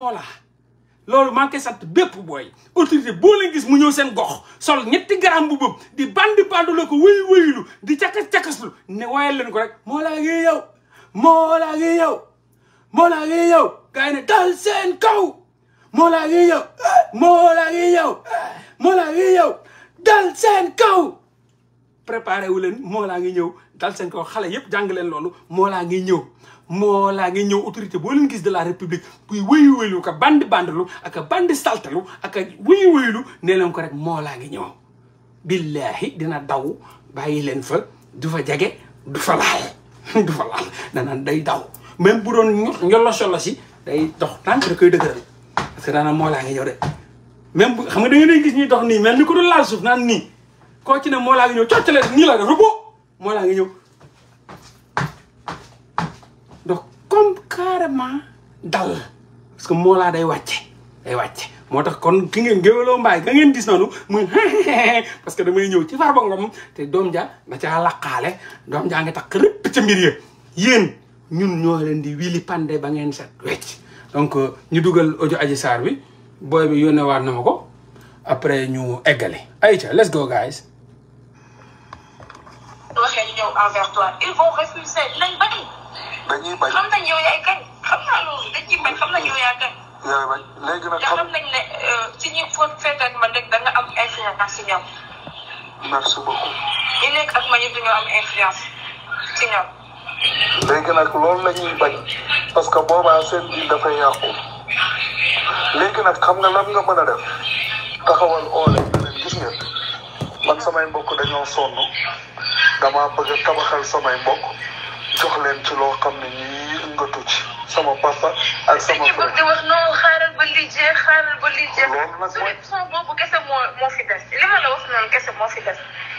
voilà loolu maa sant bépp booy autorité boo leen gis mu ñëw seen gox sol ñetti garam bu bëb di bandi bandu la ko wéy wéylu di cakas cakaslu ne wayal leen ko rek moo laa ngi yow moo laa ngi yow moo ngi yow gars yi ne dal seen kaw moo laa ngi yow moo laa ngi dal seen kaw préparé wu leen moo laa ngi ñëw dal seen kaw xale yépp jàng leen loolu moo ngi ñëw moo laa ñëw autorité boo leen gis de la république buy wéyu wéylu ka bandi bandilu aka bandi saltalu aka wéyu wéylu nee leen ko rek moo laa ngi ñëw billaahi dina daw bàyyi leen fa du fa jage du fa laal du fa laal danaan day daw même bu doon ñolo solo si day dox tànk da koy dëgëral parce que daanaan moo laa ngi ñëw de même bu xam nga da nga day gis ñuy dox nii mel ni ko doon laal suuf naan nii koo ci ne moo laa ngi ñëw coccalee nii la def rubo moo ngi ñëw xaaral ma dal parce que moo laa day wàcce day wàcce moo tax kon ki ngeen géwéloo mbaay nga ngeen gis noonu muy parce que damay ñëw ci far Farba Ngom te doom ja na caa laqaale doom jaa ngi takk rëpp ca mbir ya yéen ñun ñoo leen di wili pande ba ngeen set wecc donc euh, ñu dugal audio Adji Sarr bi booy bi yónnee waat na ma ko après ñu eggale ayca let's go guys waxee ñëw envers toi ils vont refuser nañ bañ dañuy bañ xam nañ yow yaay gañ xam naa loolu dañuy bañ xam nañ yow yaa gañ. yaay bañ léegi nag xam nañ ne si ñuy foofu fekk ak man rek da nga am influence si ñoom. merci beaucoup. ñu nekk ak man yëpp dañoo am influence si ñoom. léegi nag loolu la ñuy bañ parce que boobaa seen biir dafay yàqu léegi nag xam nga lan nga mën a def taxawal oole gis ngeen man samay mbokk dañoo sonn damaa bëgg a tabaxal samay mbokk. jox leen ci loo xam ne ñuy yëngatu ci sama ba lii jeex xaaral ba lii jeex. loolu nag mooy solution boobu kese moo moo fi ma la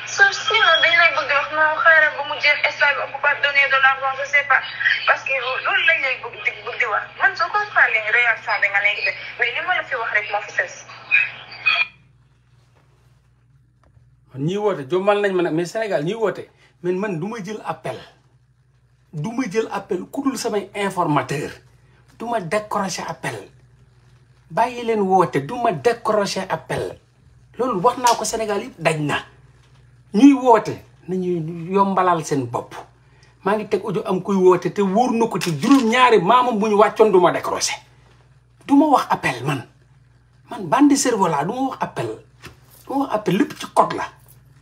soo sinon dañ lay bëgg wax non xaaral mu jeex instant bi on de mais li fi wax rek moo fi des. woote jommal nañ ma nag mais Sénégal ñii woote mais man du jël appel. du ma jël appel ku dul samay informateur du ma décrocher appel bàyyi leen woote du ma décrocher appel loolu wax naa ko Sénégal yëpp daj na ñuy woote nañuy yombalal seen bopp maa ngi teg audio am kuy woote te wóor na ko ci juróom-ñaari maamam bu ñu wàccoon du ma décrocher du ma wax appel man man bandi cerveau laa du ma wax appel du ci code la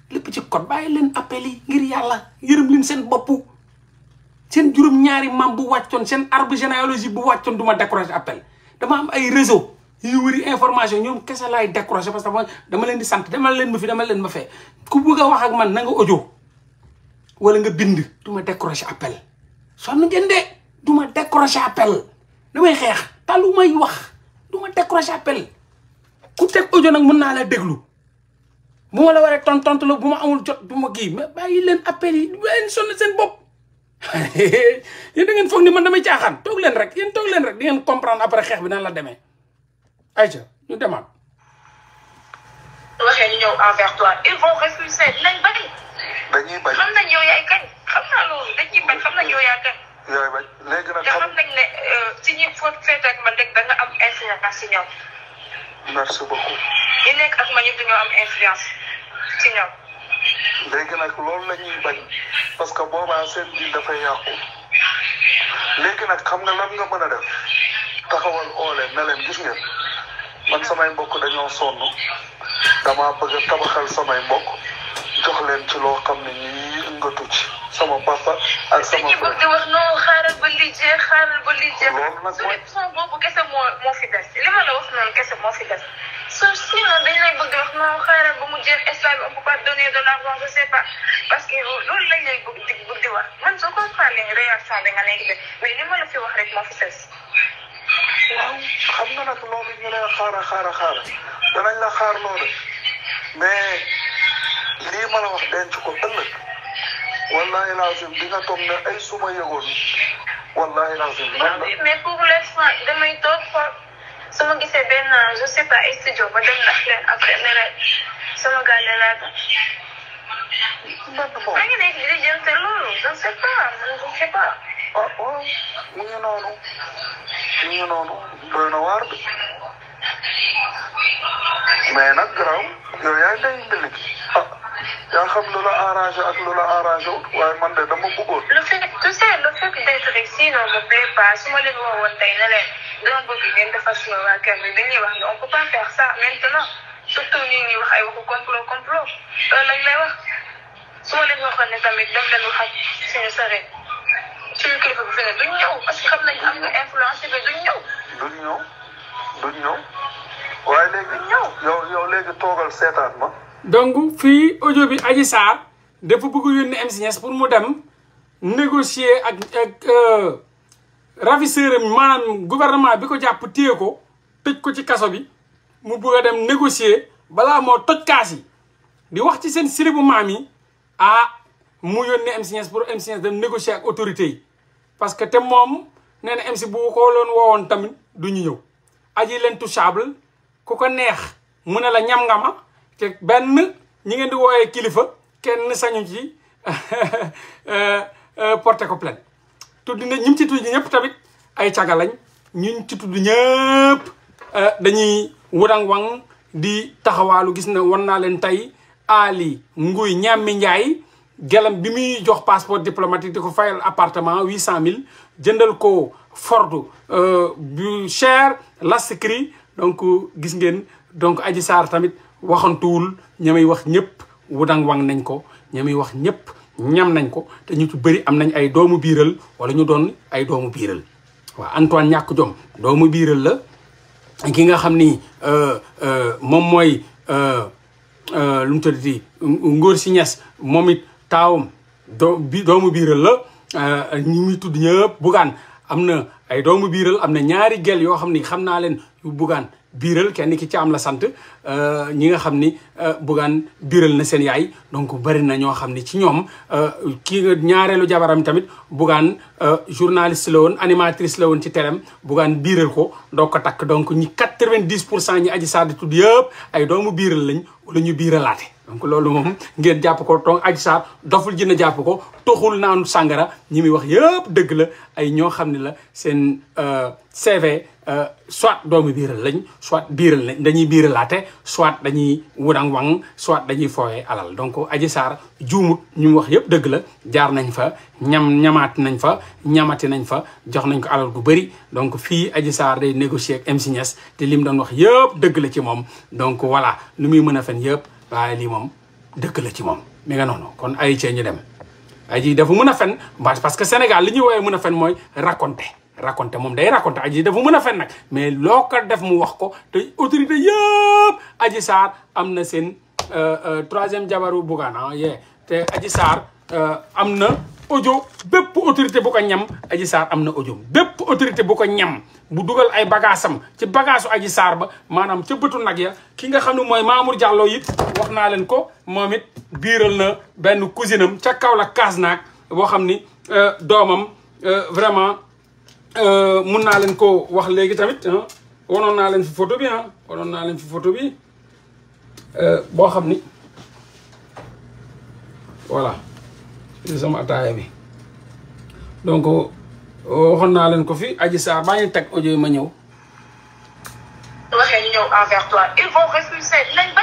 lépp ci code bàyyi leen appel yi ngir yàlla yërëm leen seen bopp seen juróom-ñaari maam bu wàccoon seen ar arbre généalogie bu wàccoon du ma décroché appel dama am ay réseau yu wëri information ñoom kese laay décroché parce que dama leen di sant dama leen ma fi dama leen ma fee ku bëgg a wax ak man na nga audio wala nga bind du ma décroché appel sonn ngeen de du ma décroché appel damay xeex talu may wax du ma décroché appel ku teg audio nag mën naa la déglu mu ma la waree tontontu la bu ma amul jot bu ma kii ba bàyyi leen appel yi leen sonn seen bopp yéen da ngeen foog ni man damay caaxaan toog leen rek yéen toog leen rek di comprendre après xeex bi nan la demee Aïcha ñu demaat. waxee ñu ñëw envers toi ils vont refuser nañ bañ. dañuy bañ xam na yow yaay kañ xam naa loolu dañuy bañ xam nañ yow yaa kañ. yaay bañ léegi nag xam ne euh, si ñi foog féete man rek da nga am influence si ñoom. merci nekk ak man yëpp dañoo am influence si ñoom. léegi nag loolu la ñuy bañ parce que boobaa seen diil dafay yàqu léegi nag xam nga lan nga mën a def taxawal oole ne leen gis ngeen man samay mbokk dañoo sonn dama bëgg a tabaxal samay mbokk jox leen ci loo xam ne ñii yëngatu ci sama papa ak sama. frère te wax non xaaral ba xaaral ba li nag boobu kese moo fi des li ma la wax noonu kese moo fi des. a si non dañ a bëgg wax non xaaral ba mu jeex instant bi on peut pas donner de l'argent je sais pas parce que euh, loolu lañ lay bëgg di bëgg di wax man soo ko xaaree réaction nga nekk de mais li fi wax rek fi sës. waaw xam nga nag loolu ñu ne xaara xaara xaara danañ xaar loolu mais lii ma wax denc ko ëllëg wallahi lazim bi nga toog ay suma yëgoon wallahi lazim. mais pour l'instant damay toog su ma gisee benn je sais pas ba dem nag leen après ne la sama gars la laata. boobu maa ngi nekk di jëm te loolu je ne sais pas je ne sais pas. ah waaw ñu ngi noonu ñu ngi noonu doy na waar bi mais nag garaaw yow yaa ngi day mbilik ah yaa xam lu la arrangé su ma leen woowoon tey doon bëgg ngeen defar suñu waa kër bi dañuy wax ne on peut pas faire ça maintenant surtout ñi ñuy wax ay waxu complot complot loolu lañ lay wax su ma leen waxoon ne tamit dem leen wax ak suñu sëriñ suñu kilifa bu feneen duñ ñëw parce que xam nañ am na influence bi duñ ñëw. duñ ñëw duñ ñëw waaye léegi. duñ ñëw yow yow léegi toogal seetaan ma. donc fii audio bi Adji Sarr dafa bëgg yónni MCS pour mu dem négocier ak ak. Euh, ravisseur am maanaam gouvernement bi ko jàpp téye ko tëj ko ci kaso bi mu bëgg dem négocier balaa moo toj kaas yi di wax ci seen siri bu maam yi ah mu yónnee MCS pour MCS dem négocier ak autorités yi parce que te moom nee na MC bu ko loon woowoon tamit du ñu ñëw. aji leen touchable ku ko neex mu ne la ñam nga ma benn ñu ngeen di wooyee kilifa kenn sañu ci euh, euh, porter ko plainte tudd na ñi mu ci tudd ñëpp tamit ay caga lañ ñu ci tudd ñëpp euh, dañuy wurang wang di taxawaalu gis na wan naa leen tey Ali Nguy ñàmmi Njaay gelam bi muy jox passeport diplomatique di ko fayal appartement huit cent mille jëndal ko Ford euh, bu cher l'Ascri donc gis ngeen donc Adji Sarr tamit waxantuwul ña wax ñëpp wudang wang nañ ko ña wax ñëpp ñam nañ ko te ñu ci bëri am nañ ay doomu biiral wala ñu doon ay doomu biiral waaw Antoine ñàkk jom doomu biiral la ki nga xam ni euh, euh, moom mooy euh, lu mu tëdd di ngóor si ñes moom it taawum doo bi doomu biiral la ñi muy tudd ñëpp bugaan am na ay doomu biiral am na ñaari gel yoo xam ni xam naa leen yu biiral kenn ki ci am la sant euh, ñi nga xam ni euh, bugaan biiral na seen yaay donc bari na ñoo xam ni ci ñoom euh, kii nga ñaareelu jabaram tamit bugaan journaliste la woon animatrice la woon ci terem bugaan biiral ko doo ko takk donc ñi quatre-vingt-dix pour cent ñi aji saadi tudd yëpp ay doomu biiral lañ wala ñu biiralaate donc loolu moom ngeen jàpp ko donc Adji Sarr doful jina jàpp ko toxul naanu sàngara ñi muy wax yëpp dëgg la ay ñoo xam ne la seen euh, CV euh, soit doomu biiral lañ soit biiral lañ dañuy biiralaate soit dañuy wudang wang soit dañuy fooye alal donc Adji Sarr juumut ñu wax yëpp dëgg la jaar nañ fa ñam ñamaat nañ fa ñamati nañ fa jox nañ ko alal gu bëri donc fii Adji Sarr day négocier ak MC te li mu doon wax yëpp dëgg la ci moom donc voilà lu muy mën a fen yëpp waaye lii moom dëkk la ci moom mi nga noonu kon ay cee ñu dem aji dafa mën a fen parce que Sénégal li ñuy woowee mën a fen mooy raconter raconter moom day raconter aji dafa mën a fen nag mais loo ko def mu wax ko te autorité yëpp aji saar am na seen euh, euh, troisième jabaru Bougane ah, yee te aji saar euh, am na audio bépp autorité bu ko ñam aji saar am na audio bépp autorité bu ko ñam bu dugal ay bagaasam ci bagaasu aji saar ba maanaam ca bëtu nag ya ki nga xam ne mooy Mamour Diallo it wax naa leen ko moom it biiral na benn cousine am ca kaw la kaas naag boo xam ni euh, doomam euh, vraiment euh, mun naa leen ko wax léegi tamit wanoon naa leen fi photo bi ah naa leen fi photo boo xam ni voilà ci sama ataaya bi donc waxoon naa leen ko fi Adji Sarr baa ngi teg audio ma ñëw. waxee ñu ñëw envers toi ils vont refuser nañ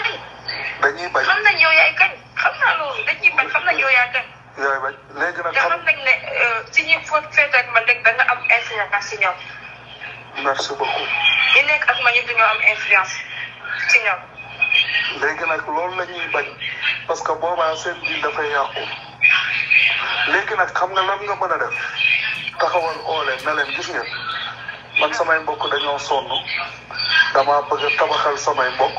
dañuy bañ xam nañ yow yaay kañ xam naa loolu dañuy bañ xam nañ yow yaa kañ. yooyu bañ léegi nag xam nañ ne si euh, ñuy foog feete ak man rek da nga am influence si ñoom. merci beaucoup. ñi nekk ak man ñëpp dañoo am influence si ñoom. léegi nag loolu la ñuy bañ parce que boobaa seen biir dafay yàqu léegi nag xam nga lan nga mën a def taxawal oole na leen gis ngeen man samay mbokk dañoo sonn damaa bëgg a tabaxal samay mbokk.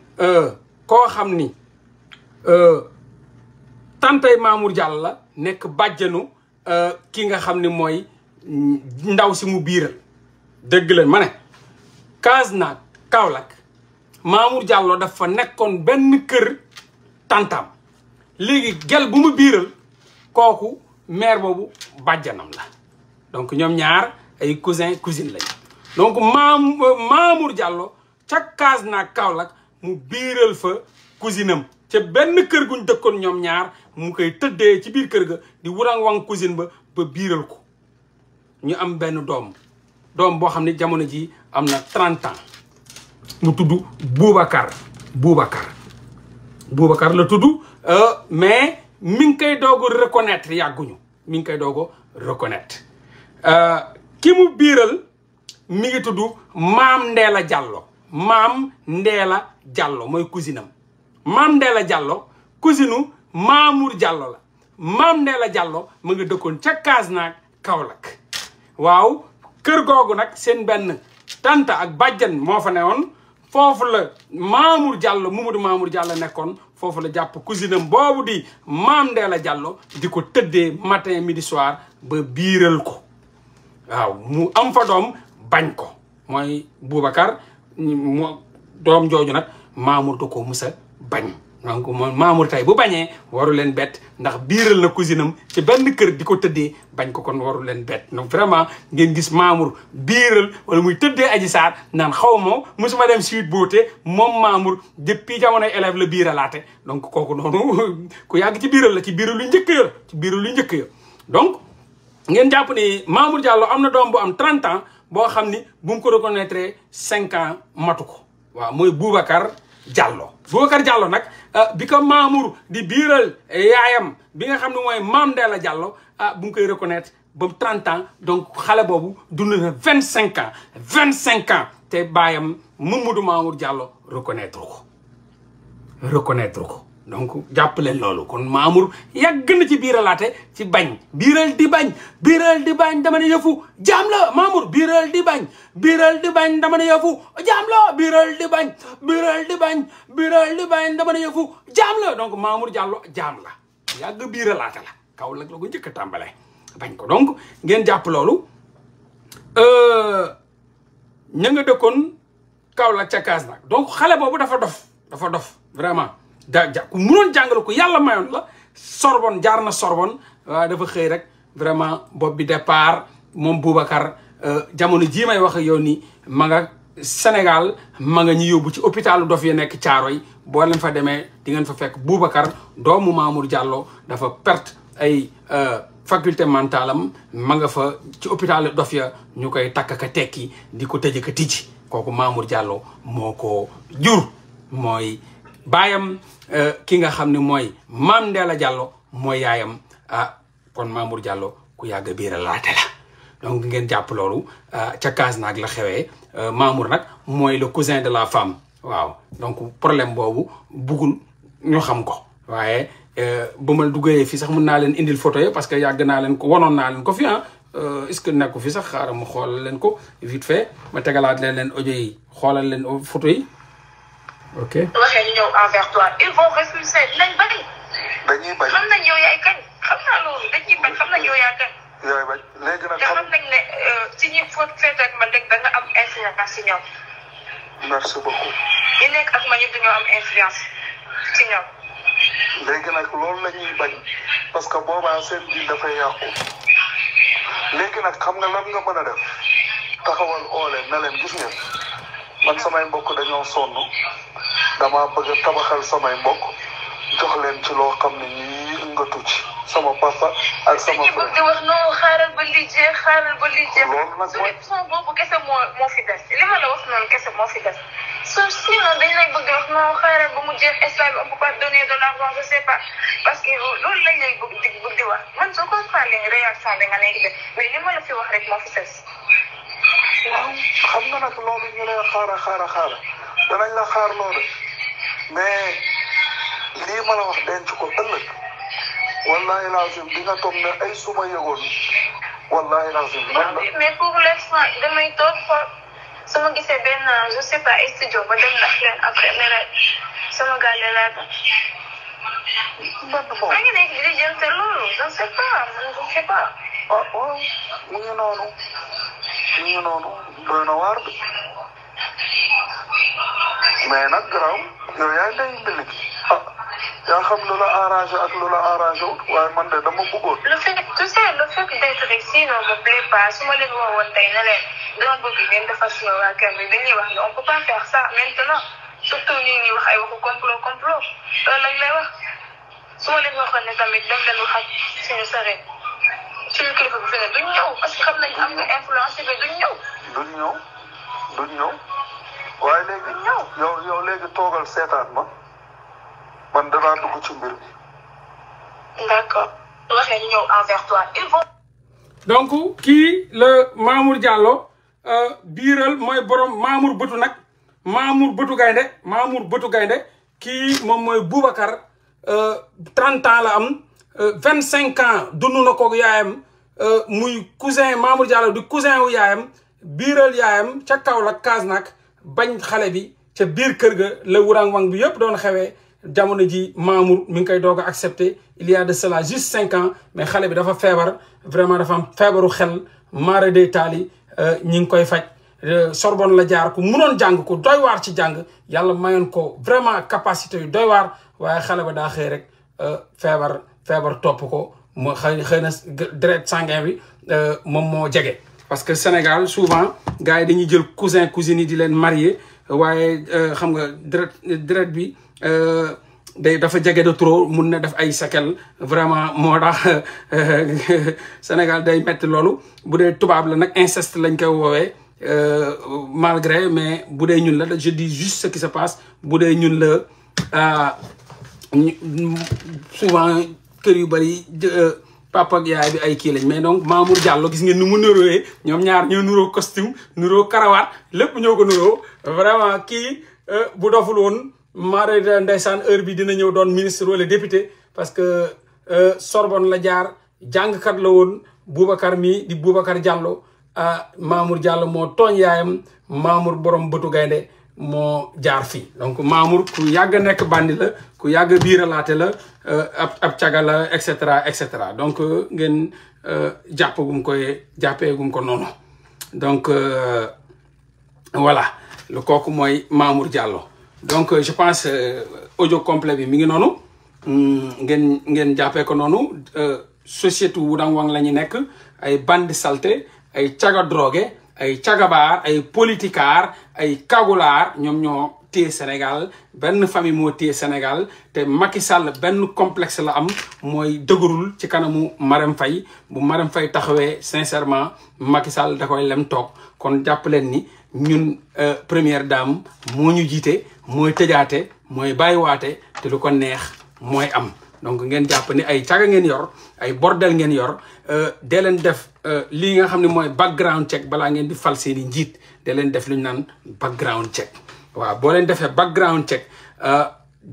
Euh, koo xam ni euh, tantay Mamour Diallo la nekk bàjjanu euh, ki nga xam ni mooy ndaw si mu biiral dëgg la ma ne kaas naag Kaolack Mamour Diallo dafa nekkoon benn kër tantam léegi gel bu mu biiral kooku maire boobu bàjjanam la donc ñoom ñaar ay cousin cousine lañ donc maam Mamour Diallo ca kaas naag Kaolack mu biiral fa cousine ca benn kër guñ dëkkoon ñoom ñaar mu koy tëddee ci biir kër ga di wurang wang cousine ba ba biiral ko ñu am benn doom doom boo xam ne jamono ji am na trente mu tudd Boubacar Boubacar Boubacar la tudd euh, mais mi ngi koy doog a yàgguñu mi ngi koy doog a reconnaître euh, ki mu biiral mi ngi tuddu Maam Ndeela Jàllo maam Ndeela Diallo mooy cousine am maam Ndeela Diallo cousinu Mamour Diallo la maam Ndeela Diallo mu ngi dëkkoon ca Kasnack Kaolack waaw kër googu nag seen benn tante ak bàjjan moo fa newoon foofu la Mamour Diallo Mamadou Mamour Diallo nekkoon foofu la jàpp cousine boobu di maam Ndeela Diallo di ko tëddee matin midi soir ba biiral ko waaw mu am fa doom bañ ko mooy Boubacar moo doom jooju nag Mamour da ko musa bañ donc moom Mamour tey bu bañee waru leen bett ndax biiral na cousine am ci benn kër di ko tëddee bañ ko kon waru leen bett donc vraiment ngeen gis Mamour biiral wala muy tëddee Adji Sarr naan xaw ma mosuma dem Sweet Beauté moom Mamour depuis jamonoy élève la biiralaate donc kooku noonu ku yàgg ci biiral la ci biiral lu njëkk ya ci biiral lu njëkk ya donc ngeen jàpp ni Mamour Diallo am na doom bu am 30 ans. boo xam ni bu mu ko reconnaître cinq ans matu ko waaw mooy Boubacar Diallo Boubacar Diallo nag euh, bi ko Mamour di biiral yaayam bi nga xam ne mooy Mame Ndella Diallo ah bu mu koy reconnaitre ba trente donc xale boobu dund na vingt cinq ans vingt cinq ans te baayam Mamadou Mamour Diallo reconnaître ko reconnaitre ko donc jàpp leen loolu kon Mamour yàgg na ci biiralaate ci bañ biiral di bañ biiral di bañ dama ne yëfu jaam la Mamour biiral di bañ biiral di bañ dama ne yëfu jaam la biiral di bañ biiral di bañ biiral di bañ dama ne yëfu jaam la donc Mamour Diallo jaam la yàgg biiralaate la kaw la la ko njëkk a tàmbalee bañ ko donc ngeen jàpp loolu euh, ña nga dëkkoon kaw la ca kaas nag donc xale boobu dafa dof dafa dof vraiment da ku munoon jàngale ko yàlla mayoon la sorbon jaar na sorbon waaye dafa xëy rek vraiment bopp bi départ moom Boubacar euh, jamono jii may wax ak yow nii Sénégal ma nga ñu yóbbu ci hôpitalu dof yi nekk Caaroy boo leen fa demee di ngeen fa fekk Boubacar doomu Mamour jàlloo dafa perte ay euh, faculté mentale am ma nga fa ci hôpital dof ya ñu koy takk ka tekki di ko tëj ka tijji kooku Mamour Diallo moo ko jur mooy baayam euh, ki nga xam ne mooy Mame Ndella Diallo mooy yaayam ah kon Mamour Diallo ku yàgg a biir la donc ngeen jàpp loolu ah, ca kaas naag la xewee euh, Mamour nag mooy le cousin de la femme waaw donc problème boobu buggul ñu xam ko waaye euh, ba ma duggee fii sax mën naa leen indil photo yi parce que yàgg naa leen ko wanoon naa leen ko fi ah est ce que nekku fi sax xaaral ma xoolal leen ko vite fait ma tegalaat leen leen o yi xoolal leen photo yi ok waxee ñu ñëw envers toi ils vont refuser dinañ bañ. dañuy bañ xam nañ yow yaay kañ xam naa loolu dañuy bañ xam nañ yow yaa kañ. yooyu bañ léegi nag xam nañ ne si euh, ñuy faute féete ak man rek da nga am influence si ñoom. merci beaucoup. ñi nekk ak man yëpp dañoo am influence si ñoom. léegi nag loolu la ñuy bañ parce que boobaa seen biir dafay yàqu léegi nag xam nga lan nga mën a def taxawal oole na leen gis ngeen man samay mbokk dañoo sonn. dama bëgg a tabaxal samay mbokk jox leen ci loo xam ne nga tucc sama pasta ak sama. bëgg di wax non xaaral ba li jeex xaaral ba li jeex. loolu nag mooy solution boobu kese moo moo fi la wax noonu kese moo fi des. so sinon dañ lay wax non xaaral ba mu jeex instant bi on de l'argent je sais pas parce que loolu lañ lay bëgg di bëgg di wax man soo ko xaaree réaction bi nga nekk de mais la fi wax rek xam nga nag loolu ñu la xaar loolu. mais lii ma la wax denc ko ëllëg wallahi lazim di ne ay suma yëgoon wallahi lazim. man la mais pour l'instant su ma gisee benn je sais studio ba dem na leen après mais nag sama gàlle laa ko. yow a ndeyu mbili gi ah yaa xam lu la arrangé ak lu la arrangé wut waaye man de dama bëggoon. le fait tu sais le fait de ici ne me plaît pas su ma leen woowoon tey ne leen dama bëgg ngeen defar suñu waa kër bi dañuy wax ne on peut pas faire ça maintenant surtout ñu ngi wax ay waxu complot complot loolu lañ lay wax su ma leen waxoon ne tamit dem leen wax ak suñu sëriñ suñu kilifa bu fi ne duñ ñëw parce que xam nañ am nga influence bi duñ ñëw. duñ ñëw duñ ñëw. waaye léegi yow yow léegi toogal seetaan ma man danaa dugg ci mbir mi. waxee ñëw envers toi il faut. donc kii la Mamour Diallo euh, biiral mooy borom Mamour Bëtu nag Mamour Bëtu gaynde Mamour Bëtu gaynde ki moom mooy Boubacar euh, trente ans la am euh, vingt cinq ans dund na ko yaayam muy cousin Mamour Diallo di cousin wu yaayam biiral yaayam ca Kaolack Kasnak bañ xale bi ca biir kër ga la wurang wang bi yëpp doon xewee jamono ji Mamour mi ngi koy doog a accepté il y de cela juste cinq ans mais xale bi dafa feebar vraiment dafa am feebaru xel mara day taali euh, ñi ngi koy faj euh, sorbon la jaar ku munoon jàng ku doy waar ci jàng yàlla mayoon ko vraiment capacité yu doy waar waaye xale ba daa xëy rek euh, feebar feebar topp ko mu xëy xëy na moom moo jege. parce que Sénégal souvent gars yi dañuy jël cousin cousine yi di leen marier waaye euh, xam nga deret dret bi euh, day dafa jege de trop mun na def ay séquelles vraiment moo tax euh, Sénégal day metti loolu bu dee tubaab la nag inceste lañ koy woowee malgré mais bu dee ñun la jeu di juste ce qui se passe bu dee ñun la souvent kër yu bari. papa ak yaay bi ay kii lañ mais donc Mamour Diallo gis ngeen nu mu nuróowee ñoom ñaar ñoo niroo costume nuroo karawaat lépp ñëw ko nuroo vraiment kii euh, bu doful woon mara ndeysaan heure bi dina ñëw doon ministre wala député parce que euh, sorbon la jaar jàngkat la woon Boubacar mii di Boubacar Diallo ah, Mamour Diallo moo tooñ yaayam Mamour borom bëtu gaynde moo jaar fii donc Mamour ku yàgg nekk bandi la ku yàgg biiralaate la euh, ab ab caga la et cetera et cetera donc euh, ngeen euh, jàpp gum koy jàppee gum ko noonu donc voilà lu kooku mooy Mamour jàllo donc je pense audio complet bi mi ngi noonu hmm, ngeen ngeen jàppee ko noonu wu Wudang Wang la ñu nekk ay bandi salté ay caga drogué ay caga baar ay politicar ay kagulaar ñoom ñoo téye Sénégal benn famille moo téye Sénégal te Macky Sall benn complexe la am mooy dëgërul ci kanamu Marème Faye bu Marème Faye taxawee sincèrement Macky Sall da koy lem toog kon jàpp leen ni ñun euh, première daam moo ñu jiite mooy tëjaate mooy bàyyiwaate te lu ko neex mooy am donc ngeen jàpp ni ay caga ngeen yor ay bordel ngeen yor euh, dee leen def Euh, lii nga xam ne mooy background check balaa ngeen di fal seen i njiit de leen def lu ñu naan background check waaw boo leen defee background check euh,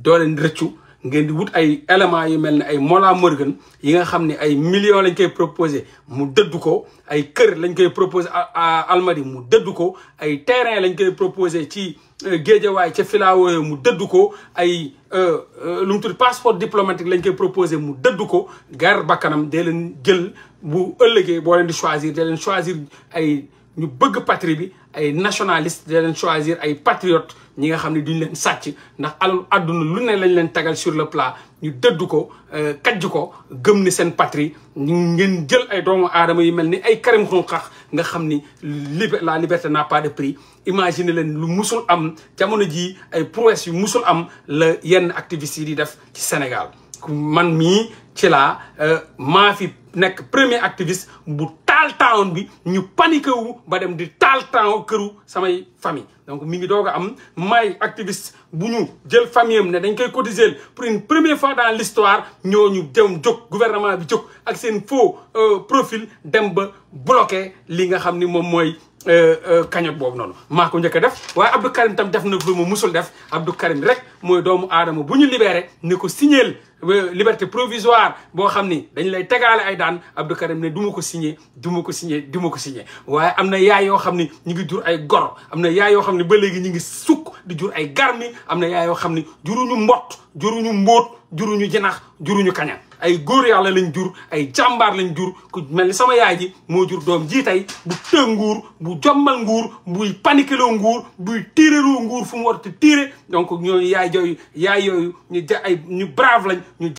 doo leen rëccu ngeen di wut ay éléments yu mel ne ay Mola Morgan yi nga xam ne ay millions lañ koy proposé mu dëdd ko ay kër lañ koy proposé à Almadi mu dëdd ko ay terrain lañ koy proposé ci euh, géejawaay ca filaawo mu dëdd ko ay euh, euh, lu mu tudd passeport diplomatique lañ koy proposé mu dëdd ko gar bakkanam dee leen jël bu ëllëgee boo leen di choisir dee leen choisir ay ñu bëgg patrie bi ay nationaliste dee leen choisir ay patriote ñi nga xam ne duñ leen sàcc ndax alal àdduna lu ne lañ leen tagal sur le plat ñu dëdd ko euh, kajj ko gëm ni seen patrie ñu ngeen jël ay doomu aadama yi mel ni ay Karim Xonqax nga xam ni lib la liberté n'a pas de prix imagine leen lu musul am jamono jii ay prouesse yu musul am la yenn activistes yi def ci Sénégal man mii ci laa euh, maa fi nekk premier activiste bu taal town bi ñu paniqué wu ba dem di taal town këru samay famille donc mi ngi doog a am may activiste bu ñu jël famille am ne dañ koy cotiser pour premier fois fois dans l'histoire ñu dem jóg gouvernement bi jóg ak seen faux euh, profil dem ba bloqué li nga xam ni moom mooy cagnotte euh, euh, boobu noonu maa ko njëkk a def waaye Abdou Karim tam def na lu ma musul def abdu Karim rek mooy doomu aadama bu ñu libeere ne ko signeel euh, liberté provisoire boo xam ni dañ lay tegaale ay daan abdu Karim ne duma ko signé du ma ko signé du ma ko signé waaye am na yaay yoo xam ni ñu ngi jur ay goro am na yaay yoo xam ne ba léegi ñu ngi sukk di jur ay garmi am na yaay yoo xam ni juruñu mbott juruñu mbóot juruñu jinax juruñu kaña ay góor yàlla lañ jur ay jàmbaar lañ jur ku mel ni sama yaay ji moo jur doom ji tey bu tënk nguur bu jommal nguur buy panikeloo nguur buy tiireloo nguur fu mu te tiire donc ñooñu yaay jooyu yaay yooyu ñu ja ñu brave lañ